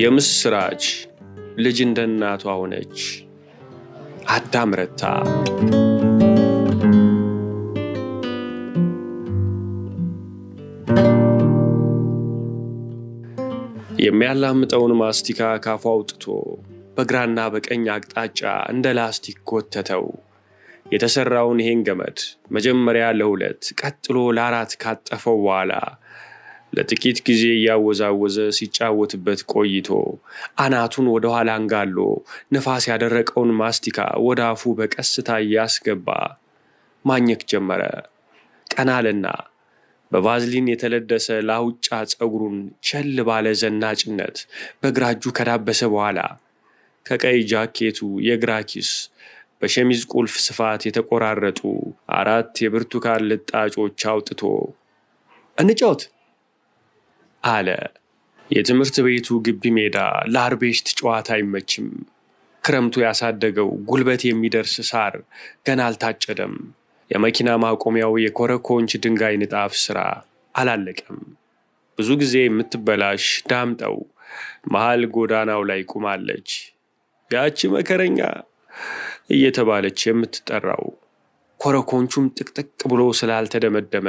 የምስራች ልጅ እንደ እናቷ ሆነች። አዳም ረታ የሚያላምጠውን ማስቲካ ካፉ አውጥቶ በግራና በቀኝ አቅጣጫ እንደ ላስቲክ ኮተተው። የተሰራውን ይሄን ገመድ መጀመሪያ ለሁለት ቀጥሎ ለአራት ካጠፈው በኋላ ለጥቂት ጊዜ እያወዛወዘ ሲጫወትበት ቆይቶ አናቱን ወደ ኋላ አንጋሎ ነፋስ ያደረቀውን ማስቲካ ወደ አፉ በቀስታ እያስገባ ማኘክ ጀመረ። ቀናልና በቫዝሊን የተለደሰ ላውጫ ፀጉሩን ቸል ባለ ዘናጭነት በግራ እጁ ከዳበሰ በኋላ ከቀይ ጃኬቱ የግራ ኪስ በሸሚዝ ቁልፍ ስፋት የተቆራረጡ አራት የብርቱካን ልጣጮች አውጥቶ እንጫወት አለ። የትምህርት ቤቱ ግቢ ሜዳ ለአርቤሽት ጨዋታ አይመችም። ክረምቱ ያሳደገው ጉልበት የሚደርስ ሳር ገና አልታጨደም። የመኪና ማቆሚያው የኮረኮንች ድንጋይ ንጣፍ ሥራ አላለቀም። ብዙ ጊዜ የምትበላሽ ዳምጠው መሃል ጎዳናው ላይ ቁማለች። ያቺ መከረኛ እየተባለች የምትጠራው ኮረኮንቹም ጥቅጥቅ ብሎ ስላልተደመደመ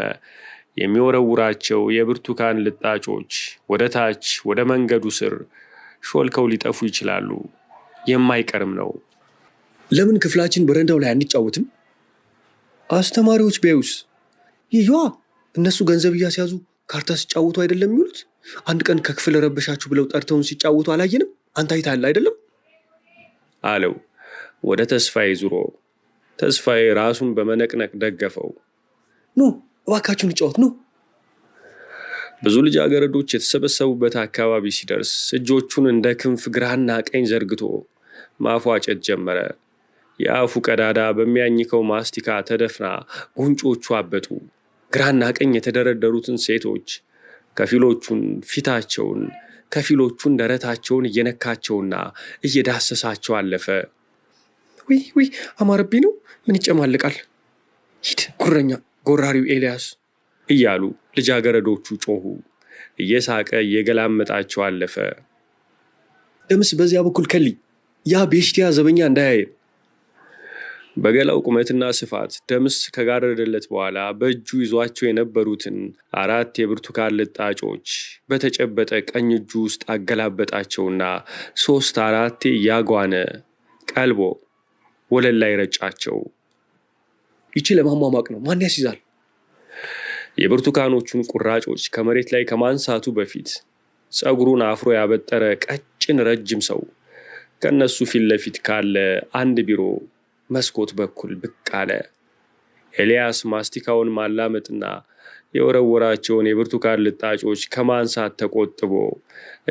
የሚወረውራቸው የብርቱካን ልጣጮች ወደ ታች ወደ መንገዱ ስር ሾልከው ሊጠፉ ይችላሉ። የማይቀርም ነው። ለምን ክፍላችን በረንዳው ላይ አንጫወትም? አስተማሪዎች ቢያዩስ? ይዩዋ እነሱ ገንዘብ እያስያዙ ካርታ ሲጫወቱ አይደለም የሚውሉት? አንድ ቀን ከክፍል ረበሻችሁ ብለው ጠርተውን ሲጫወቱ አላየንም? አንተ አይታል አይደለም? አለው ወደ ተስፋዬ ዙሮ። ተስፋዬ ራሱን በመነቅነቅ ደገፈው። ኑ እባካችሁን ጫወት ኑ። ብዙ ልጃገረዶች የተሰበሰቡበት አካባቢ ሲደርስ እጆቹን እንደ ክንፍ ግራና ቀኝ ዘርግቶ ማፏጨት ጀመረ። የአፉ ቀዳዳ በሚያኝከው ማስቲካ ተደፍና ጉንጮቹ አበጡ። ግራና ቀኝ የተደረደሩትን ሴቶች ከፊሎቹን ፊታቸውን ከፊሎቹን ደረታቸውን እየነካቸውና እየዳሰሳቸው አለፈ። ውይ ውይ፣ አማረቢ ነው ምን ይጨማልቃል? ሂድ ጉረኛ፣ ጎራሪው ኤልያስ እያሉ ልጃገረዶቹ ጮሁ። እየሳቀ እየገላመጣቸው አለፈ። ደምስ በዚያ በኩል ከሊ ያ ቤሽቲያ ዘበኛ እንዳያየን በገላው ቁመትና ስፋት ደምስ ከጋረደለት በኋላ በእጁ ይዟቸው የነበሩትን አራት የብርቱካን ልጣጮች በተጨበጠ ቀኝ እጁ ውስጥ አገላበጣቸውና ሶስት አራቴ ያጓነ ቀልቦ ወለል ላይ ረጫቸው። ይቺ ለማሟሟቅ ነው፣ ማን ያስይዛል? የብርቱካኖቹን ቁራጮች ከመሬት ላይ ከማንሳቱ በፊት ፀጉሩን አፍሮ ያበጠረ ቀጭን ረጅም ሰው ከእነሱ ፊት ለፊት ካለ አንድ ቢሮ መስኮት በኩል ብቅ አለ። ኤልያስ ማስቲካውን ማላመጥና የወረወራቸውን የብርቱካን ልጣጮች ከማንሳት ተቆጥቦ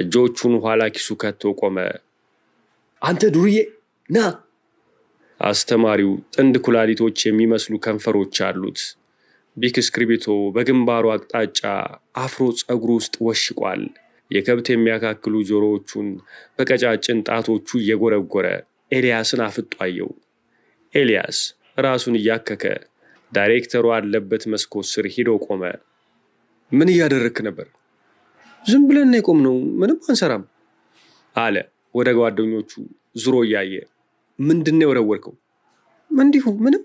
እጆቹን ኋላ ኪሱ ከቶ ቆመ። አንተ ዱርዬ ና! አስተማሪው ጥንድ ኩላሊቶች የሚመስሉ ከንፈሮች አሉት። ቢክ እስክርቢቶ በግንባሩ አቅጣጫ አፍሮ ፀጉር ውስጥ ወሽቋል። የከብት የሚያካክሉ ጆሮዎቹን በቀጫጭን ጣቶቹ እየጎረጎረ ኤልያስን አፍጧየው። ኤልያስ ራሱን እያከከ ዳይሬክተሩ አለበት መስኮት ስር ሂዶ ቆመ። ምን እያደረክ ነበር? ዝም ብለን ነው ምንም አንሰራም አለ ወደ ጓደኞቹ ዙሮ እያየ። ምንድን ነው የወረወርከው? እንዲሁ ምንም።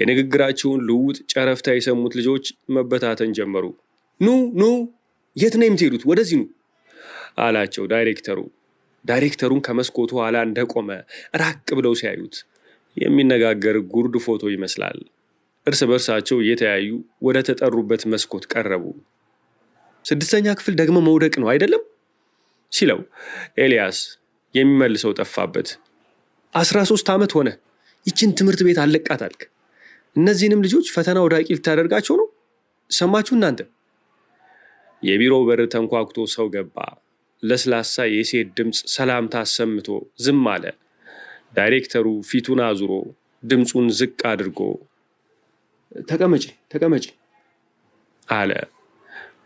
የንግግራቸውን ልውጥ ጨረፍታ የሰሙት ልጆች መበታተን ጀመሩ። ኑ ኑ፣ የት ነው የምትሄዱት? ወደዚህ ኑ አላቸው ዳይሬክተሩ። ዳይሬክተሩን ከመስኮቱ ኋላ እንደቆመ ራቅ ብለው ሲያዩት የሚነጋገር ጉርድ ፎቶ ይመስላል። እርስ በርሳቸው እየተያዩ ወደ ተጠሩበት መስኮት ቀረቡ። ስድስተኛ ክፍል ደግሞ መውደቅ ነው አይደለም ሲለው ኤልያስ የሚመልሰው ጠፋበት። አስራ ሶስት ዓመት ሆነ ይችን ትምህርት ቤት አለቃታልክ። እነዚህንም ልጆች ፈተና ወዳቂ ልታደርጋቸው ነው። ሰማችሁ እናንተ። የቢሮው በር ተንኳኩቶ ሰው ገባ። ለስላሳ የሴት ድምፅ ሰላምታ አሰምቶ ዝም አለ። ዳይሬክተሩ ፊቱን አዙሮ ድምፁን ዝቅ አድርጎ ተቀመጪ ተቀመጪ አለ።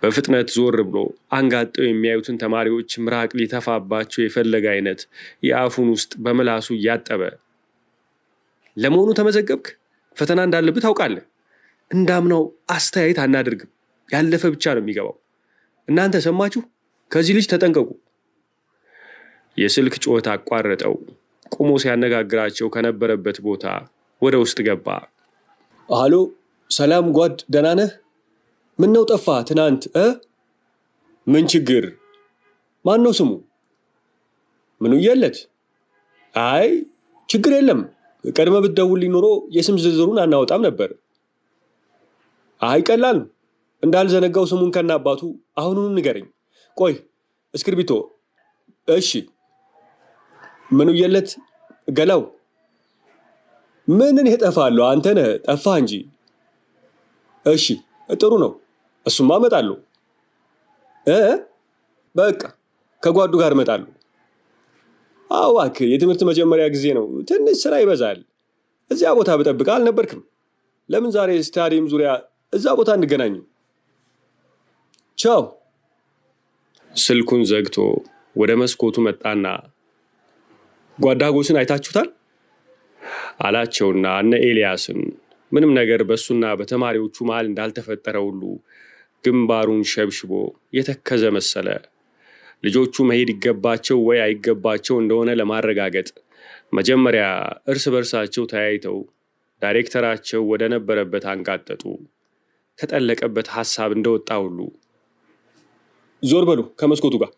በፍጥነት ዞር ብሎ አንጋጠው የሚያዩትን ተማሪዎች ምራቅ ሊተፋባቸው የፈለገ አይነት የአፉን ውስጥ በምላሱ እያጠበ ለመሆኑ ተመዘገብክ? ፈተና እንዳለብህ ታውቃለህ። እንዳምናው አስተያየት አናደርግም። ያለፈ ብቻ ነው የሚገባው። እናንተ ሰማችሁ? ከዚህ ልጅ ተጠንቀቁ። የስልክ ጩኸት አቋረጠው። ቆሞ ሲያነጋግራቸው ከነበረበት ቦታ ወደ ውስጥ ገባ። አሎ ሰላም ጓድ፣ ደህና ነህ? ነው ጠፋ ትናንት እ ምን ችግር? ማን ነው ስሙ? ምኑ የለት? አይ ችግር የለም። ቀድመ ብትደውልልኝ ኖሮ የስም ዝርዝሩን አናወጣም ነበር። አይ ቀላል እንዳልዘነጋው ስሙን ከናባቱ አሁኑኑ ንገረኝ። ቆይ እስክርቢቶ። እሺ ምን የለት ገላው ምንን እጠፋለሁ? አንተ ነህ ጠፋህ እንጂ። እሺ ጥሩ ነው፣ እሱማ እመጣለሁ። በቃ ከጓዱ ጋር እመጣለሁ። አዋክ የትምህርት መጀመሪያ ጊዜ ነው፣ ትንሽ ስራ ይበዛል። እዚያ ቦታ ብጠብቅህ አልነበርክም። ለምን ዛሬ ስታዲየም ዙሪያ እዛ ቦታ እንገናኝ። ቻው። ስልኩን ዘግቶ ወደ መስኮቱ መጣና ጓዳጎስን አይታችሁታል አላቸውና እነ ኤልያስን ምንም ነገር በእሱና በተማሪዎቹ መሃል እንዳልተፈጠረ ሁሉ ግንባሩን ሸብሽቦ የተከዘ መሰለ። ልጆቹ መሄድ ይገባቸው ወይ አይገባቸው እንደሆነ ለማረጋገጥ መጀመሪያ እርስ በርሳቸው ተያይተው ዳይሬክተራቸው ወደ ነበረበት አንጋጠጡ። ከጠለቀበት ሐሳብ እንደወጣ ሁሉ ዞር በሉ ከመስኮቱ ጋር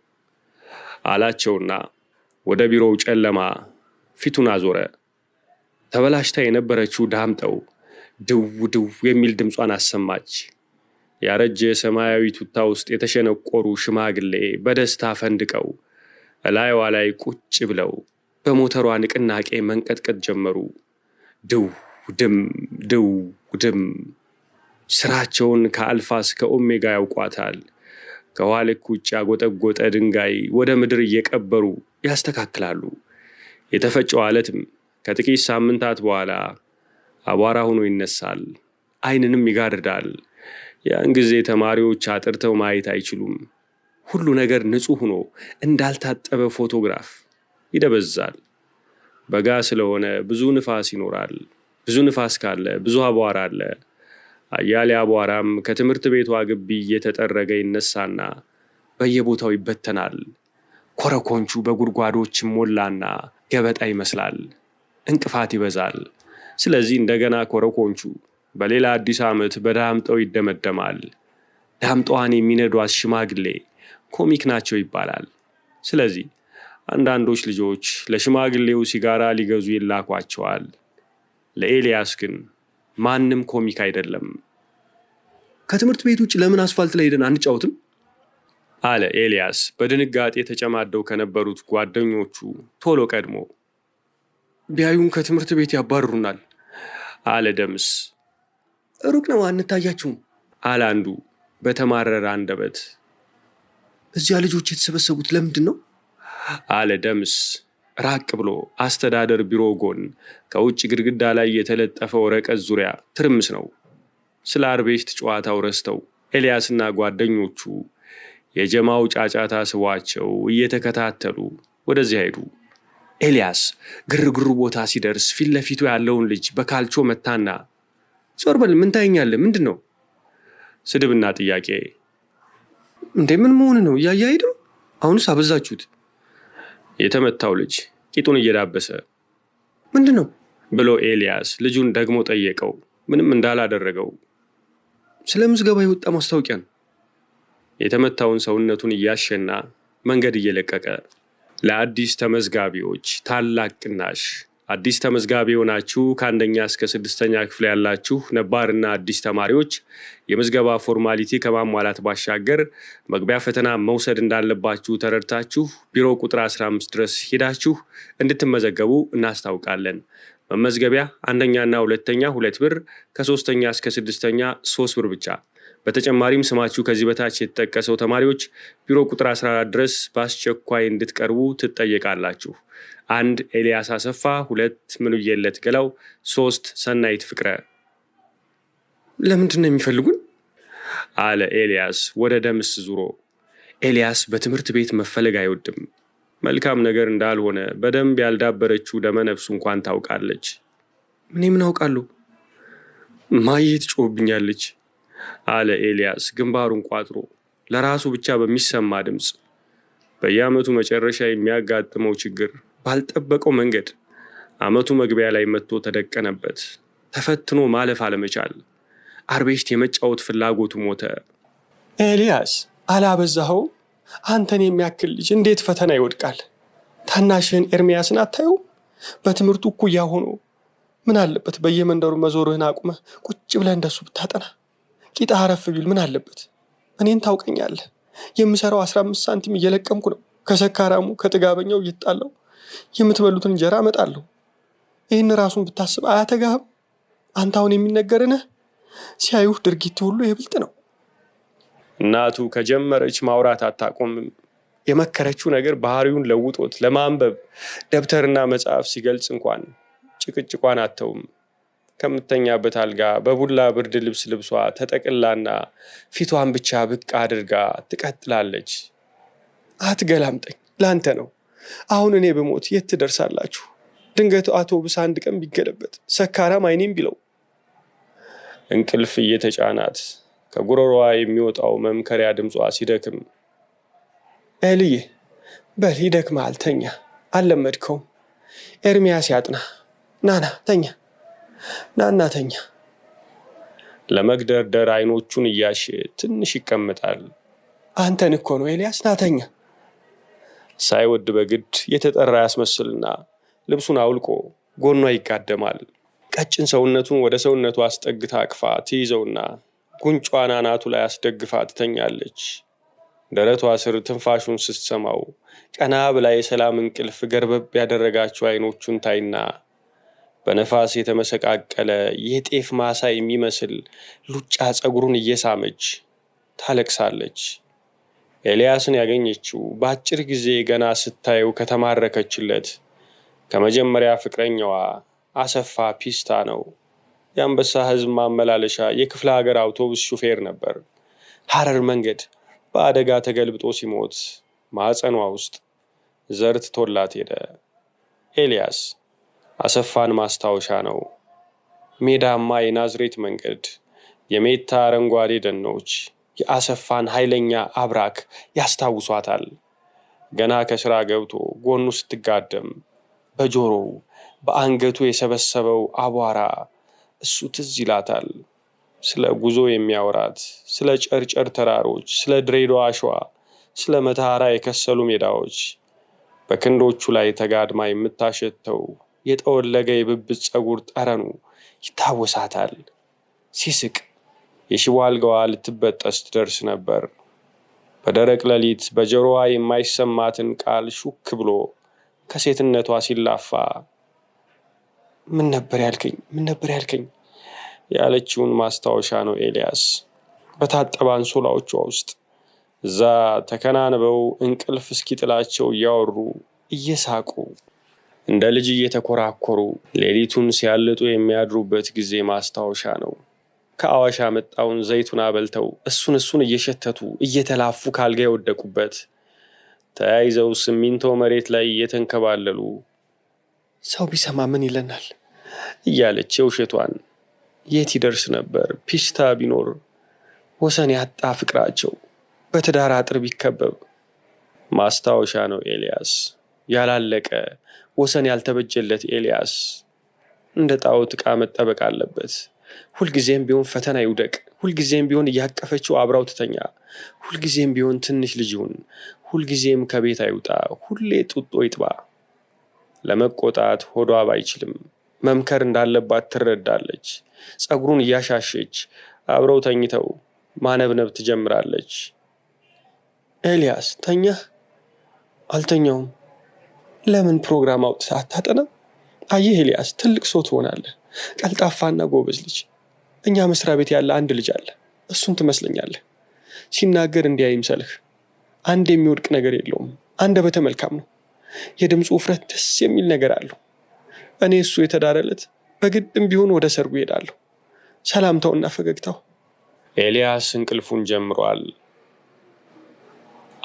አላቸውና ወደ ቢሮው ጨለማ ፊቱን አዞረ። ተበላሽታ የነበረችው ዳምጠው ድው ድው የሚል ድምጿን አሰማች። ያረጀ ሰማያዊ ቱታ ውስጥ የተሸነቆሩ ሽማግሌ በደስታ ፈንድቀው እላይዋ ላይ ቁጭ ብለው በሞተሯ ንቅናቄ መንቀጥቀጥ ጀመሩ። ድው ድም ድው ድም ስራቸውን ከአልፋ እስከ ኦሜጋ ያውቋታል። ከውሃ ልክ ውጭ ያጎጠጎጠ ድንጋይ ወደ ምድር እየቀበሩ ያስተካክላሉ። የተፈጨው አለትም ከጥቂት ሳምንታት በኋላ አቧራ ሆኖ ይነሳል፣ አይንንም ይጋርዳል። ያን ጊዜ ተማሪዎች አጥርተው ማየት አይችሉም። ሁሉ ነገር ንጹህ ሆኖ እንዳልታጠበ ፎቶግራፍ ይደበዛል። በጋ ስለሆነ ብዙ ንፋስ ይኖራል። ብዙ ንፋስ ካለ ብዙ አቧራ አለ። አያሌ አቧራም ከትምህርት ቤቷ ግቢ እየተጠረገ ይነሳና በየቦታው ይበተናል። ኮረኮንቹ በጉድጓዶች ሞላና ገበጣ ይመስላል። እንቅፋት ይበዛል። ስለዚህ እንደገና ኮረኮንቹ በሌላ አዲስ ዓመት በዳምጠው ይደመደማል። ዳምጠዋን የሚነዷት ሽማግሌ ኮሚክ ናቸው ይባላል። ስለዚህ አንዳንዶች ልጆች ለሽማግሌው ሲጋራ ሊገዙ ይላኳቸዋል። ለኤልያስ ግን ማንም ኮሚክ አይደለም። ከትምህርት ቤት ውጭ ለምን አስፋልት ላይ ሄደን አንጫወትም? አለ ኤልያስ በድንጋጤ ተጨማደው ከነበሩት ጓደኞቹ ቶሎ ቀድሞ። ቢያዩን ከትምህርት ቤት ያባርሩናል አለ ደምስ። ሩቅ ነው አንታያችሁም አለ አንዱ በተማረረ አንደበት። እዚያ ልጆች የተሰበሰቡት ለምንድን ነው አለ ደምስ ራቅ ብሎ አስተዳደር ቢሮ ጎን ከውጭ ግድግዳ ላይ የተለጠፈ ወረቀት ዙሪያ ትርምስ ነው። ስለ አርቤስት ጨዋታው ረስተው ኤልያስና ጓደኞቹ የጀማው ጫጫታ ስቧቸው እየተከታተሉ ወደዚህ ሄዱ። ኤልያስ ግርግሩ ቦታ ሲደርስ ፊት ለፊቱ ያለውን ልጅ በካልቾ መታና ዞር በል ምን ታየኛለህ? ምንድን ነው? ስድብና ጥያቄ። እንዴ ምን መሆን ነው? እያየ አይድም አሁንስ አበዛችሁት። የተመታው ልጅ ቂጡን እየዳበሰ ምንድን ነው ብሎ ኤልያስ ልጁን ደግሞ ጠየቀው። ምንም እንዳላደረገው ስለ ምዝገባ የወጣ ማስታወቂያ ነው። የተመታውን ሰውነቱን እያሸና መንገድ እየለቀቀ ለአዲስ ተመዝጋቢዎች ታላቅ ቅናሽ አዲስ ተመዝጋቢ የሆናችሁ ከአንደኛ እስከ ስድስተኛ ክፍል ያላችሁ ነባርና አዲስ ተማሪዎች የምዝገባ ፎርማሊቲ ከማሟላት ባሻገር መግቢያ ፈተና መውሰድ እንዳለባችሁ ተረድታችሁ ቢሮ ቁጥር 15 ድረስ ሄዳችሁ እንድትመዘገቡ እናስታውቃለን። መመዝገቢያ አንደኛና ሁለተኛ ሁለት ብር፣ ከሶስተኛ እስከ ስድስተኛ ሶስት ብር ብቻ። በተጨማሪም ስማችሁ ከዚህ በታች የተጠቀሰው ተማሪዎች ቢሮ ቁጥር 14 ድረስ በአስቸኳይ እንድትቀርቡ ትጠየቃላችሁ። አንድ ኤልያስ አሰፋ፣ ሁለት ምኑየለት ገላው፣ ሶስት ሰናይት ፍቅረ። ለምንድን ነው የሚፈልጉን? አለ ኤልያስ ወደ ደምስ ዙሮ። ኤልያስ በትምህርት ቤት መፈለግ አይወድም። መልካም ነገር እንዳልሆነ በደንብ ያልዳበረችው ደመነፍሱ እንኳን ታውቃለች። እኔ ምን አውቃለሁ? ማየት ጮብኛለች? አለ ኤልያስ ግንባሩን ቋጥሮ ለራሱ ብቻ በሚሰማ ድምፅ። በየዓመቱ መጨረሻ የሚያጋጥመው ችግር ባልጠበቀው መንገድ አመቱ መግቢያ ላይ መጥቶ ተደቀነበት። ተፈትኖ ማለፍ አለመቻል፣ አርቤሽት የመጫወት ፍላጎቱ ሞተ። ኤልያስ አላበዛኸው? አንተን የሚያክል ልጅ እንዴት ፈተና ይወድቃል? ታናሽህን ኤርሚያስን አታየው? በትምህርቱ እኩያ ሆኖ ምን አለበት በየመንደሩ መዞርህን አቁመ ቁጭ ብለህ እንደሱ ብታጠና ቂጣ አረፍ ቢል ምን አለበት? እኔን ታውቀኛለህ። የምሰራው አስራ አምስት ሳንቲም እየለቀምኩ ነው። ከሰካራሙ ከጥጋበኛው እየጣለው የምትበሉትን እንጀራ እመጣለሁ። ይህን ራሱን ብታስብ አያተጋህም? አንተ አሁን የሚነገርንህ ሲያዩህ ድርጊት ሁሉ የብልጥ ነው። እናቱ ከጀመረች ማውራት አታቆምም። የመከረችው ነገር ባህሪውን ለውጦት ለማንበብ ደብተርና መጽሐፍ ሲገልጽ እንኳን ጭቅጭቋን አተውም። ከምተኛበት አልጋ በቡላ ብርድ ልብስ ልብሷ ተጠቅላና ፊቷን ብቻ ብቅ አድርጋ ትቀጥላለች። አትገላምጠኝ፣ ላንተ ነው አሁን እኔ በሞት የት ትደርሳላችሁ? ድንገት አውቶቡስ አንድ ቀን ቢገለበጥ ሰካራም አይኔም ቢለው እንቅልፍ እየተጫናት ከጉሮሮዋ የሚወጣው መምከሪያ ድምጿ ሲደክም ኤልዬ በል ይደክምሃል፣ ተኛ፣ አልለመድከውም። ኤርሚያስ ያጥና፣ ናና ተኛ፣ ናና ተኛ። ለመግደርደር አይኖቹን እያሸ ትንሽ ይቀምጣል። አንተን እኮ ነው ኤልያስ፣ ናተኛ ሳይወድ በግድ የተጠራ ያስመስልና ልብሱን አውልቆ ጎኗ ይጋደማል። ቀጭን ሰውነቱን ወደ ሰውነቱ አስጠግታ አቅፋ ትይዘውና ጉንጯን አናቱ ላይ አስደግፋ ትተኛለች። ደረቷ ስር ትንፋሹን ስትሰማው ቀና ብላ የሰላም እንቅልፍ ገርበብ ያደረጋቸው አይኖቹን ታይና በነፋስ የተመሰቃቀለ የጤፍ ማሳ የሚመስል ሉጫ ፀጉሩን እየሳመች ታለቅሳለች። ኤልያስን ያገኘችው በአጭር ጊዜ ገና ስታየው ከተማረከችለት ከመጀመሪያ ፍቅረኛዋ አሰፋ ፒስታ ነው። የአንበሳ ሕዝብ ማመላለሻ የክፍለ ሀገር አውቶቡስ ሹፌር ነበር። ሐረር መንገድ በአደጋ ተገልብጦ ሲሞት ማዕፀኗ ውስጥ ዘር ትቶላት ሄደ። ኤልያስ አሰፋን ማስታወሻ ነው። ሜዳማ የናዝሬት መንገድ፣ የሜታ አረንጓዴ ደኖች የአሰፋን ኃይለኛ አብራክ ያስታውሷታል። ገና ከሥራ ገብቶ ጎኑ ስትጋደም በጆሮው በአንገቱ የሰበሰበው አቧራ እሱ ትዝ ይላታል። ስለ ጉዞ የሚያወራት ስለ ጨርጨር ተራሮች፣ ስለ ድሬዳዋ አሸዋ፣ ስለ መተሐራ የከሰሉ ሜዳዎች፣ በክንዶቹ ላይ ተጋድማ የምታሸተው የጠወለገ የብብት ፀጉር ጠረኑ ይታወሳታል ሲስቅ የሽቦ አልጋዋ ልትበጠስ ትደርስ ነበር። በደረቅ ሌሊት በጆሮዋ የማይሰማትን ቃል ሹክ ብሎ ከሴትነቷ ሲላፋ ምን ነበር ያልከኝ? ምን ነበር ያልከኝ? ያለችውን ማስታወሻ ነው ኤልያስ በታጠበ አንሶላዎቿ ውስጥ እዛ ተከናንበው እንቅልፍ እስኪጥላቸው እያወሩ እየሳቁ እንደ ልጅ እየተኮራኮሩ ሌሊቱን ሲያልጡ የሚያድሩበት ጊዜ ማስታወሻ ነው። ከአዋሽ ያመጣውን ዘይቱን አበልተው እሱን እሱን እየሸተቱ እየተላፉ ካልጋ የወደቁበት ተያይዘው ሲሚንቶ መሬት ላይ እየተንከባለሉ ሰው ቢሰማ ምን ይለናል እያለች የውሸቷን የት ይደርስ ነበር ፒስታ ቢኖር ወሰን ያጣ ፍቅራቸው በትዳር አጥር ቢከበብ። ማስታወሻ ነው ኤልያስ ያላለቀ ወሰን ያልተበጀለት ኤልያስ እንደ ጣዖት ዕቃ መጠበቅ አለበት። ሁልጊዜም ቢሆን ፈተና ይውደቅ። ሁልጊዜም ቢሆን እያቀፈችው አብራው ትተኛ። ሁልጊዜም ቢሆን ትንሽ ልጅ ይሁን። ሁልጊዜም ከቤት አይውጣ። ሁሌ ጡጦ ይጥባ። ለመቆጣት ሆዷ ባይችልም መምከር እንዳለባት ትረዳለች። ፀጉሩን እያሻሸች አብረው ተኝተው ማነብነብ ትጀምራለች። ኤልያስ ተኛህ? አልተኛውም። ለምን ፕሮግራም አውጥተህ አታጠናም? አየህ ኤልያስ፣ ትልቅ ሰው ትሆናለህ። ቀልጣፋና ጎበዝ ልጅ። እኛ መስሪያ ቤት ያለ አንድ ልጅ አለ፣ እሱን ትመስለኛለህ። ሲናገር እንዲህ አይምሰልህ። አንድ የሚወድቅ ነገር የለውም፣ አንደበተ መልካም ነው። የድምፁ ውፍረት ደስ የሚል ነገር አለው። እኔ እሱ የተዳረለት በግድም ቢሆን ወደ ሰርጉ ይሄዳለሁ። ሰላምታውና ፈገግታው። ኤልያስ እንቅልፉን ጀምሯል።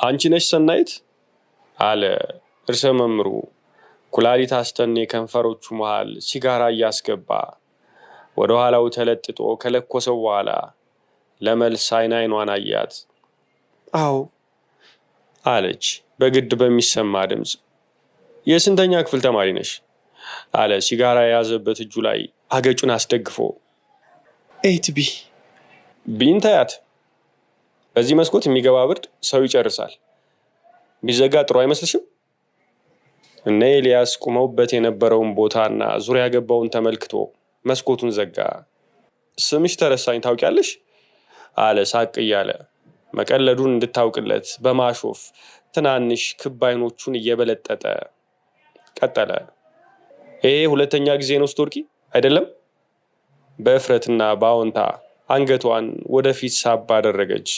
አንቺ ነሽ ሰናይት? አለ እርሰ መምሩ! ኩላሊት አስተኔ ከንፈሮቹ መሃል ሲጋራ እያስገባ ወደ ኋላው ተለጥጦ ከለኮሰው በኋላ ለመልስ አይን አይኗን አያት። አዎ አለች በግድ በሚሰማ ድምፅ። የስንተኛ ክፍል ተማሪ ነሽ? አለ ሲጋራ የያዘበት እጁ ላይ አገጩን አስደግፎ። ኤት ቢ ቢን ታያት። በዚህ መስኮት የሚገባ ብርድ ሰው ይጨርሳል። ቢዘጋ ጥሩ አይመስልሽም? እነ ኤልያስ ቁመውበት የነበረውን ቦታና ዙሪያ ገባውን ተመልክቶ መስኮቱን ዘጋ። ስምሽ ተረሳኝ ታውቂያለሽ? አለ ሳቅ እያለ መቀለዱን እንድታውቅለት በማሾፍ ትናንሽ ክብ አይኖቹን እየበለጠጠ ቀጠለ። ይሄ ሁለተኛ ጊዜ ነው ስቶርቂ አይደለም? በእፍረትና በአዎንታ አንገቷን ወደፊት ሳብ አደረገች።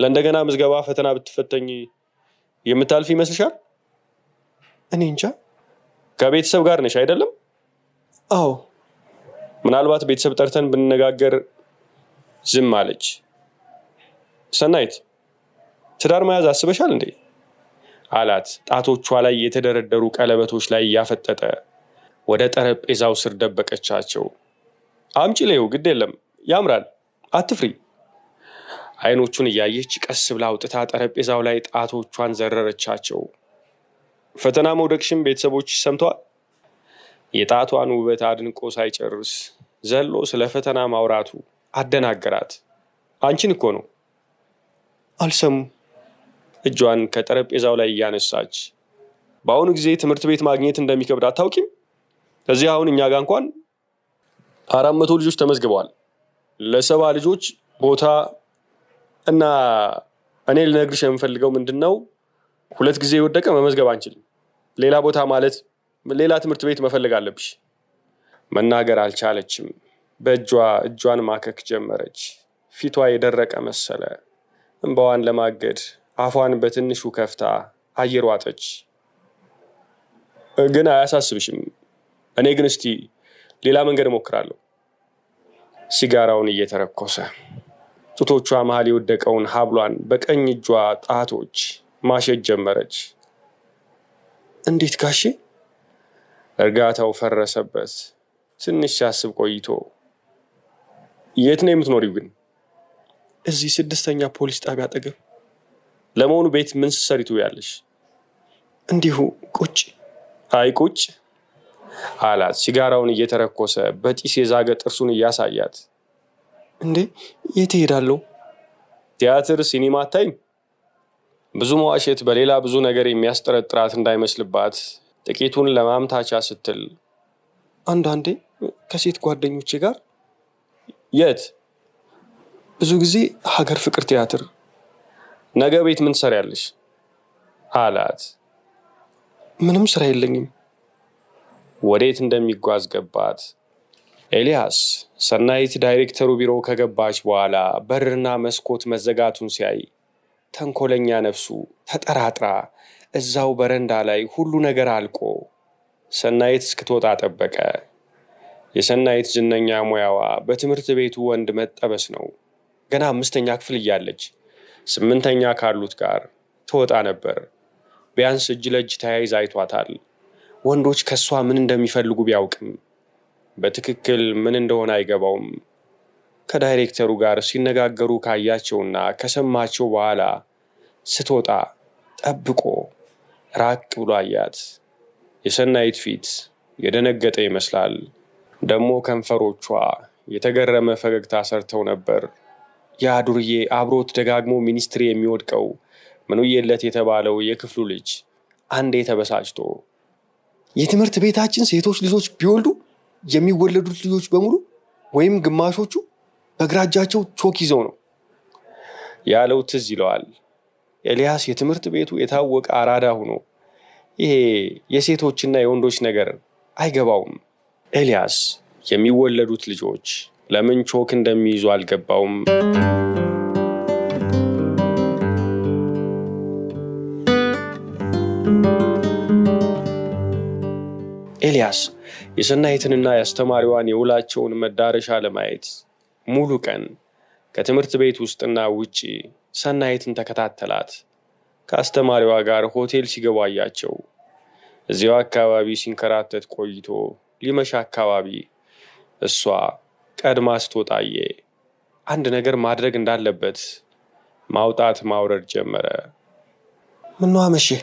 ለእንደገና ምዝገባ ፈተና ብትፈተኝ የምታልፍ ይመስልሻል? እኔ እንጃ። ከቤተሰብ ጋር ነሽ አይደለም? አዎ። ምናልባት ቤተሰብ ጠርተን ብንነጋገር። ዝም አለች። ሰናይት ትዳር መያዝ አስበሻል እንዴ? አላት ጣቶቿ ላይ የተደረደሩ ቀለበቶች ላይ እያፈጠጠ። ወደ ጠረጴዛው ስር ደበቀቻቸው። አምጪ ላይው፣ ግድ የለም ያምራል፣ አትፍሪ። አይኖቹን እያየች ቀስ ብላ አውጥታ ጠረጴዛው ላይ ጣቶቿን ዘረረቻቸው። ፈተና መውደቅሽን ቤተሰቦች ሰምተዋል። የጣቷን ውበት አድንቆ ሳይጨርስ ዘሎ ስለ ፈተና ማውራቱ አደናገራት። አንቺን እኮ ነው። አልሰሙ። እጇን ከጠረጴዛው ላይ እያነሳች በአሁኑ ጊዜ ትምህርት ቤት ማግኘት እንደሚከብድ አታውቂም? እዚህ አሁን እኛ ጋ እንኳን አራት መቶ ልጆች ተመዝግበዋል። ለሰባ ልጆች ቦታ እና እኔ ልነግርሽ የምፈልገው ምንድን ነው፣ ሁለት ጊዜ የወደቀ መመዝገብ አንችልም። ሌላ ቦታ ማለት ሌላ ትምህርት ቤት መፈለግ አለብሽ። መናገር አልቻለችም። በእጇ እጇን ማከክ ጀመረች። ፊቷ የደረቀ መሰለ። እንባዋን ለማገድ አፏን በትንሹ ከፍታ አየር ዋጠች። ግን አያሳስብሽም። እኔ ግን እስቲ ሌላ መንገድ እሞክራለሁ። ሲጋራውን እየተረኮሰ ጡቶቿ መሃል የወደቀውን ሀብሏን በቀኝ እጇ ጣቶች ማሸት ጀመረች። እንዴት ጋሼ? እርጋታው ፈረሰበት። ትንሽ ሲያስብ ቆይቶ የት ነው የምትኖሪው ግን? እዚህ ስድስተኛ ፖሊስ ጣቢያ አጠገብ። ለመሆኑ ቤት ምን ስትሰሪ ትውያለሽ? እንዲሁ ቁጭ። አይ ቁጭ አላት ሲጋራውን እየተረኮሰ በጢስ የዛገ ጥርሱን እያሳያት። እንዴ የት እሄዳለሁ? ቲያትር ሲኒማ አታይም? ብዙ መዋሸት በሌላ ብዙ ነገር የሚያስጠረጥራት እንዳይመስልባት ጥቂቱን ለማምታቻ ስትል አንዳንዴ ከሴት ጓደኞቼ ጋር የት ብዙ ጊዜ ሀገር ፍቅር ቲያትር ነገ ቤት ምን ትሰሪያለሽ አላት ምንም ስራ የለኝም ወዴት እንደሚጓዝ ገባት ኤልያስ ሰናይት ዳይሬክተሩ ቢሮ ከገባች በኋላ በርና መስኮት መዘጋቱን ሲያይ ተንኮለኛ ነፍሱ ተጠራጥራ እዛው በረንዳ ላይ ሁሉ ነገር አልቆ ሰናይት እስክትወጣ ጠበቀ። የሰናይት ዝነኛ ሙያዋ በትምህርት ቤቱ ወንድ መጠበስ ነው። ገና አምስተኛ ክፍል እያለች ስምንተኛ ካሉት ጋር ትወጣ ነበር። ቢያንስ እጅ ለእጅ ተያይዛ አይቷታል። ወንዶች ከእሷ ምን እንደሚፈልጉ ቢያውቅም በትክክል ምን እንደሆነ አይገባውም። ከዳይሬክተሩ ጋር ሲነጋገሩ ካያቸውና ከሰማቸው በኋላ ስትወጣ ጠብቆ ራቅ ብሎ አያት። የሰናይት ፊት የደነገጠ ይመስላል። ደግሞ ከንፈሮቿ የተገረመ ፈገግታ ሰርተው ነበር። ያ ዱርዬ አብሮት ደጋግሞ ሚኒስትሪ የሚወድቀው ምኑዬለት የተባለው የክፍሉ ልጅ አንዴ ተበሳጭቶ የትምህርት ቤታችን ሴቶች ልጆች ቢወልዱ የሚወለዱት ልጆች በሙሉ ወይም ግማሾቹ በግራ እጃቸው ቾክ ይዘው ነው ያለው ትዝ ይለዋል። ኤልያስ የትምህርት ቤቱ የታወቀ አራዳ ሆኖ ይሄ የሴቶችና የወንዶች ነገር አይገባውም። ኤልያስ የሚወለዱት ልጆች ለምን ቾክ እንደሚይዙ አልገባውም። ኤልያስ የሰናይትንና የአስተማሪዋን የውላቸውን መዳረሻ ለማየት ሙሉ ቀን ከትምህርት ቤት ውስጥና ውጪ ሰናይትን ተከታተላት። ከአስተማሪዋ ጋር ሆቴል ሲገቡ አያቸው። እዚያው አካባቢ ሲንከራተት ቆይቶ ሊመሻ አካባቢ እሷ ቀድማ ስትወጣየ አንድ ነገር ማድረግ እንዳለበት ማውጣት ማውረድ ጀመረ። ምነው አመሸህ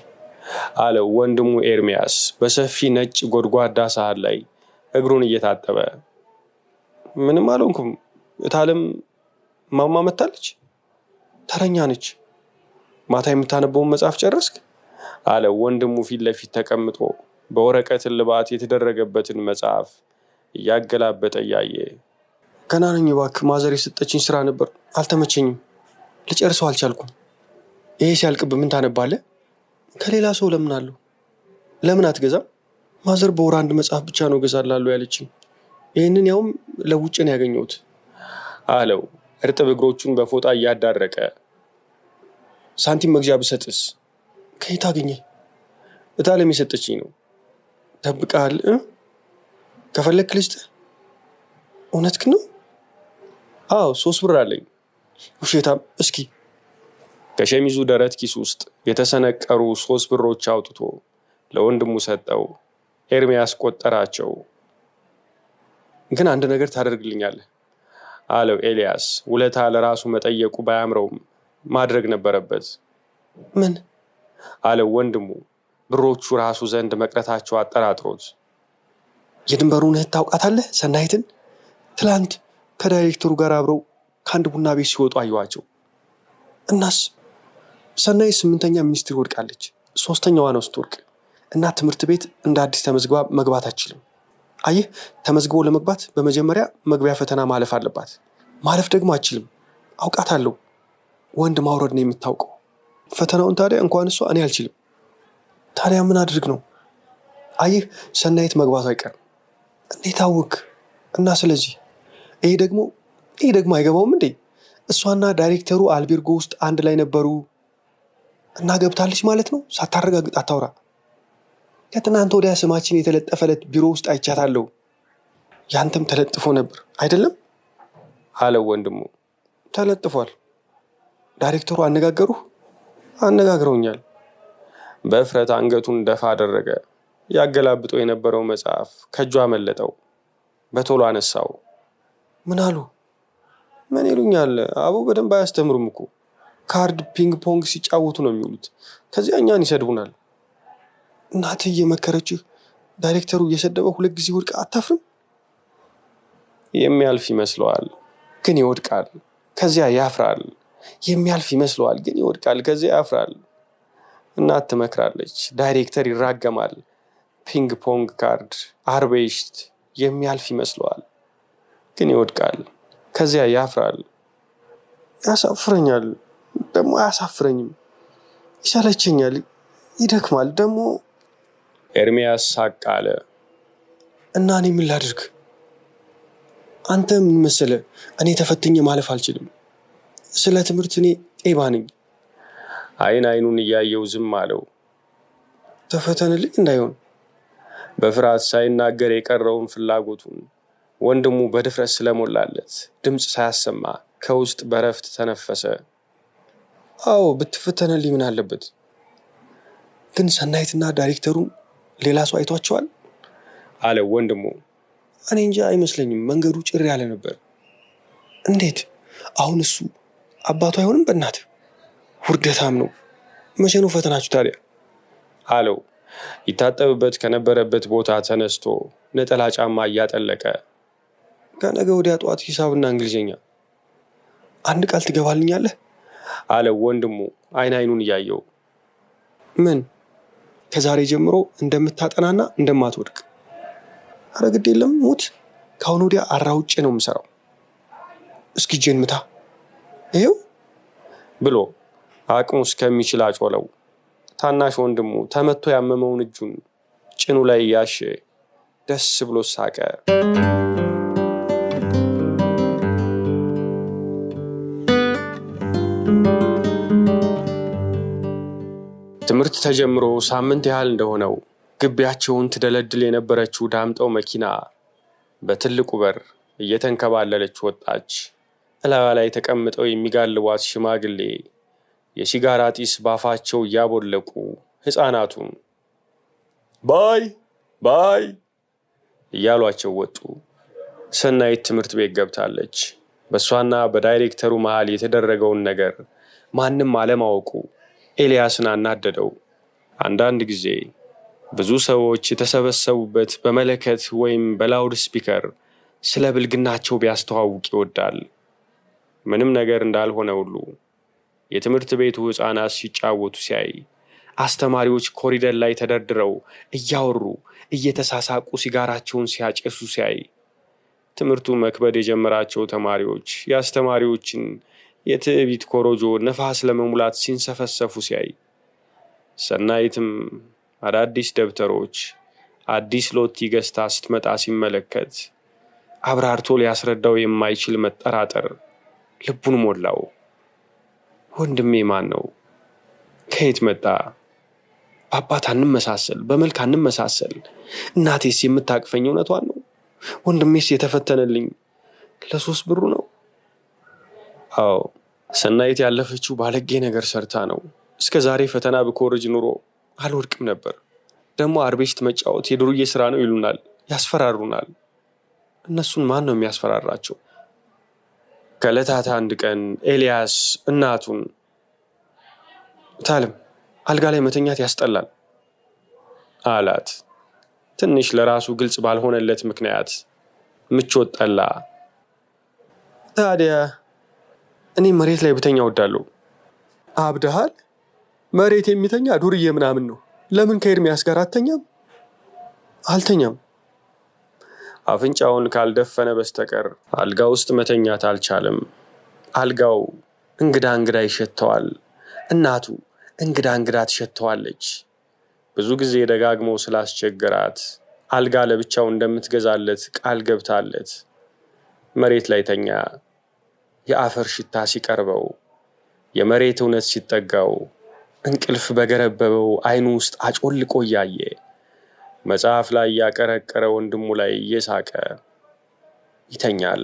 አለው ወንድሙ ኤርሚያስ በሰፊ ነጭ ጎድጓዳ ሳህን ላይ እግሩን እየታጠበ። ምንም አልሆንኩም እታለም ማማ መታለች። ተረኛ ነች። ማታ የምታነበውን መጽሐፍ ጨረስክ? አለ ወንድሙ ፊት ለፊት ተቀምጦ በወረቀት እልባት የተደረገበትን መጽሐፍ እያገላበጠ እያየ። ገና ነኝ እባክህ፣ ማዘር የሰጠችኝ ስራ ነበር፣ አልተመቸኝም፣ ልጨርሰው አልቻልኩም። ይሄ ሲያልቅብህ ምን ታነባለህ? ከሌላ ሰው ለምን አለሁ? ለምን አትገዛም? ማዘር በወር አንድ መጽሐፍ ብቻ ነው እገዛላለሁ ያለችኝ፣ ይህንን ያውም ለውጭ ነው ያገኘሁት። አለው እርጥብ እግሮቹን በፎጣ እያዳረቀ። ሳንቲም መግዣ ብሰጥስ? ከየት አገኘ? እታለም የሰጠችኝ ነው። ደብቀሃል። ከፈለክ ልስጥህ። እውነትክ ነው? አዎ፣ ሶስት ብር አለኝ። ውሸታም! እስኪ ከሸሚዙ ደረት ኪስ ውስጥ የተሰነቀሩ ሶስት ብሮች አውጥቶ ለወንድሙ ሰጠው። ኤርሚያስ ቆጠራቸው። ግን አንድ ነገር ታደርግልኛለህ አለው ኤልያስ። ውለታ ለራሱ መጠየቁ ባያምረውም ማድረግ ነበረበት። ምን አለው ወንድሙ ብሮቹ ራሱ ዘንድ መቅረታቸው አጠራጥሮት። የድንበሩን እህት ታውቃታለህ? ሰናይትን ትላንት ከዳይሬክተሩ ጋር አብረው ከአንድ ቡና ቤት ሲወጡ አየዋቸው። እናስ ሰናይት ስምንተኛ ሚኒስትር ወድቃለች። ሶስተኛዋ ነው ስትወድቅ እና ትምህርት ቤት እንደ አዲስ ተመዝግባ መግባት አችልም። አየህ ተመዝግቦ ለመግባት በመጀመሪያ መግቢያ ፈተና ማለፍ አለባት። ማለፍ ደግሞ አችልም፣ አውቃታለሁ። ወንድ ማውረድ ነው የምታውቀው። ፈተናውን ታዲያ እንኳን እሷ እኔ አልችልም። ታዲያ ምን አድርግ ነው? አየህ ሰናይት መግባቱ አይቀርም። እንዴት አወክ? እና ስለዚህ ይሄ ደግሞ ይሄ ደግሞ አይገባውም እንዴ? እሷና ዳይሬክተሩ አልቤርጎ ውስጥ አንድ ላይ ነበሩ እና ገብታለች ማለት ነው። ሳታረጋግጥ አታውራ። ከትናንት ወዲያ ስማችን የተለጠፈለት ቢሮ ውስጥ አይቻታለሁ። ያንተም ተለጥፎ ነበር አይደለም አለው ወንድሙ። ተለጥፏል። ዳይሬክተሩ አነጋገሩ አነጋግረውኛል። በእፍረት አንገቱን ደፋ አደረገ። ያገላብጦ የነበረው መጽሐፍ ከእጁ አመለጠው። በቶሎ አነሳው። ምን አሉ? ምን ይሉኛል? አቡ በደንብ አያስተምሩም እኮ ካርድ፣ ፒንግ ፖንግ ሲጫወቱ ነው የሚውሉት። ከዚያ እኛን ይሰድቡናል። እናት እየመከረችህ ዳይሬክተሩ እየሰደበ ሁለት ጊዜ ወድቀህ አታፍርም? የሚያልፍ ይመስለዋል፣ ግን ይወድቃል። ከዚያ ያፍራል። የሚያልፍ ይመስለዋል፣ ግን ይወድቃል። ከዚያ ያፍራል። እናት ትመክራለች፣ ዳይሬክተር ይራገማል። ፒንግ ፖንግ ካርድ አርቤሽት የሚያልፍ ይመስለዋል፣ ግን ይወድቃል። ከዚያ ያፍራል። ያሳፍረኛል፣ ደግሞ አያሳፍረኝም። ይሰለቸኛል፣ ይደክማል፣ ደግሞ ኤርሚያስ ሳቅ አለ። እና እኔ ምን ላድርግ? አንተ ምን መሰለ እኔ ተፈትኜ ማለፍ አልችልም። ስለ ትምህርት እኔ ጤባ ነኝ። አይን አይኑን እያየው ዝም አለው። ተፈተንልኝ እንዳይሆን በፍርሃት ሳይናገር የቀረውን ፍላጎቱን ወንድሙ በድፍረት ስለሞላለት ድምፅ ሳያሰማ ከውስጥ በረፍት ተነፈሰ። አዎ ብትፈተንልኝ ምን አለበት? ግን ሰናይትና ዳይሬክተሩም ሌላ ሰው አይቷቸዋል አለ ወንድሙ። እኔ እንጂ አይመስለኝም፣ መንገዱ ጭር ያለ ነበር። እንዴት አሁን እሱ አባቱ አይሆንም? በእናት? ውርደታም ነው። መቼ ነው ፈተናችሁ ታዲያ? አለው ይታጠብበት ከነበረበት ቦታ ተነስቶ ነጠላ ጫማ እያጠለቀ። ከነገ ወዲያ ጠዋት ሂሳብና እንግሊዝኛ አንድ ቃል ትገባልኛለህ? አለ ወንድሙ አይን አይኑን እያየው ምን ከዛሬ ጀምሮ እንደምታጠናና እንደማትወድቅ። አረ ግድ የለም ሙት፣ ከአሁን ወዲያ አራውጭ ነው የምሰራው። እስኪ እጄን ምታ ይኸው ብሎ አቅሙ እስከሚችል አጮለው። ታናሽ ወንድሙ ተመቶ ያመመውን እጁን ጭኑ ላይ ያሸ። ደስ ብሎ ሳቀ። ትምህርት ተጀምሮ ሳምንት ያህል እንደሆነው ግቢያቸውን ትደለድል የነበረችው ዳምጠው መኪና በትልቁ በር እየተንከባለለች ወጣች። እላዋ ላይ ተቀምጠው የሚጋልቧት ሽማግሌ የሲጋራ ጢስ ባፋቸው እያቦለቁ ሕፃናቱን ባይ ባይ እያሏቸው ወጡ። ሰናይት ትምህርት ቤት ገብታለች። በእሷና በዳይሬክተሩ መሃል የተደረገውን ነገር ማንም አለማወቁ ኤልያስን አናደደው። አንዳንድ ጊዜ ብዙ ሰዎች የተሰበሰቡበት በመለከት ወይም በላውድ ስፒከር ስለ ብልግናቸው ቢያስተዋውቅ ይወዳል። ምንም ነገር እንዳልሆነ ሁሉ የትምህርት ቤቱ ሕፃናት ሲጫወቱ ሲያይ፣ አስተማሪዎች ኮሪደር ላይ ተደርድረው እያወሩ እየተሳሳቁ ሲጋራቸውን ሲያጨሱ ሲያይ፣ ትምህርቱ መክበድ የጀመራቸው ተማሪዎች የአስተማሪዎችን የትዕቢት ኮሮጆ ነፋስ ለመሙላት ሲንሰፈሰፉ ሲያይ ሰናይትም አዳዲስ ደብተሮች አዲስ ሎቲ ገዝታ ስትመጣ ሲመለከት አብራርቶ ሊያስረዳው የማይችል መጠራጠር ልቡን ሞላው። ወንድሜ ማን ነው? ከየት መጣ? በአባት አንመሳሰል፣ በመልክ አንመሳሰል። እናቴስ የምታቅፈኝ እውነቷን ነው። ወንድሜስ የተፈተነልኝ ለሶስት ብሩ ነው አዎ ሰናይት ያለፈችው ባለጌ ነገር ሰርታ ነው። እስከ ዛሬ ፈተና ብኮርጅ ኑሮ አልወድቅም ነበር። ደግሞ አርቤስት መጫወት የዱርዬ ስራ ነው ይሉናል፣ ያስፈራሩናል። እነሱን ማን ነው የሚያስፈራራቸው? ከዕለታት አንድ ቀን ኤልያስ እናቱን ታልም አልጋ ላይ መተኛት ያስጠላል አላት። ትንሽ ለራሱ ግልጽ ባልሆነለት ምክንያት ምቾት ጠላ ታዲያ እኔ መሬት ላይ ብተኛ እወዳለሁ። አብደሃል? መሬት የሚተኛ ዱርዬ ምናምን ነው። ለምን ከኤርሚያስ ጋር አተኛም? አልተኛም። አፍንጫውን ካልደፈነ በስተቀር አልጋ ውስጥ መተኛት አልቻለም። አልጋው እንግዳ እንግዳ ይሸተዋል። እናቱ እንግዳ እንግዳ ትሸተዋለች። ብዙ ጊዜ ደጋግሞ ስላስቸገራት አልጋ ለብቻው እንደምትገዛለት ቃል ገብታለት መሬት ላይ ተኛ። የአፈር ሽታ ሲቀርበው፣ የመሬት እውነት ሲጠጋው፣ እንቅልፍ በገረበበው አይኑ ውስጥ አጮልቆ እያየ መጽሐፍ ላይ ያቀረቀረ ወንድሙ ላይ እየሳቀ ይተኛል።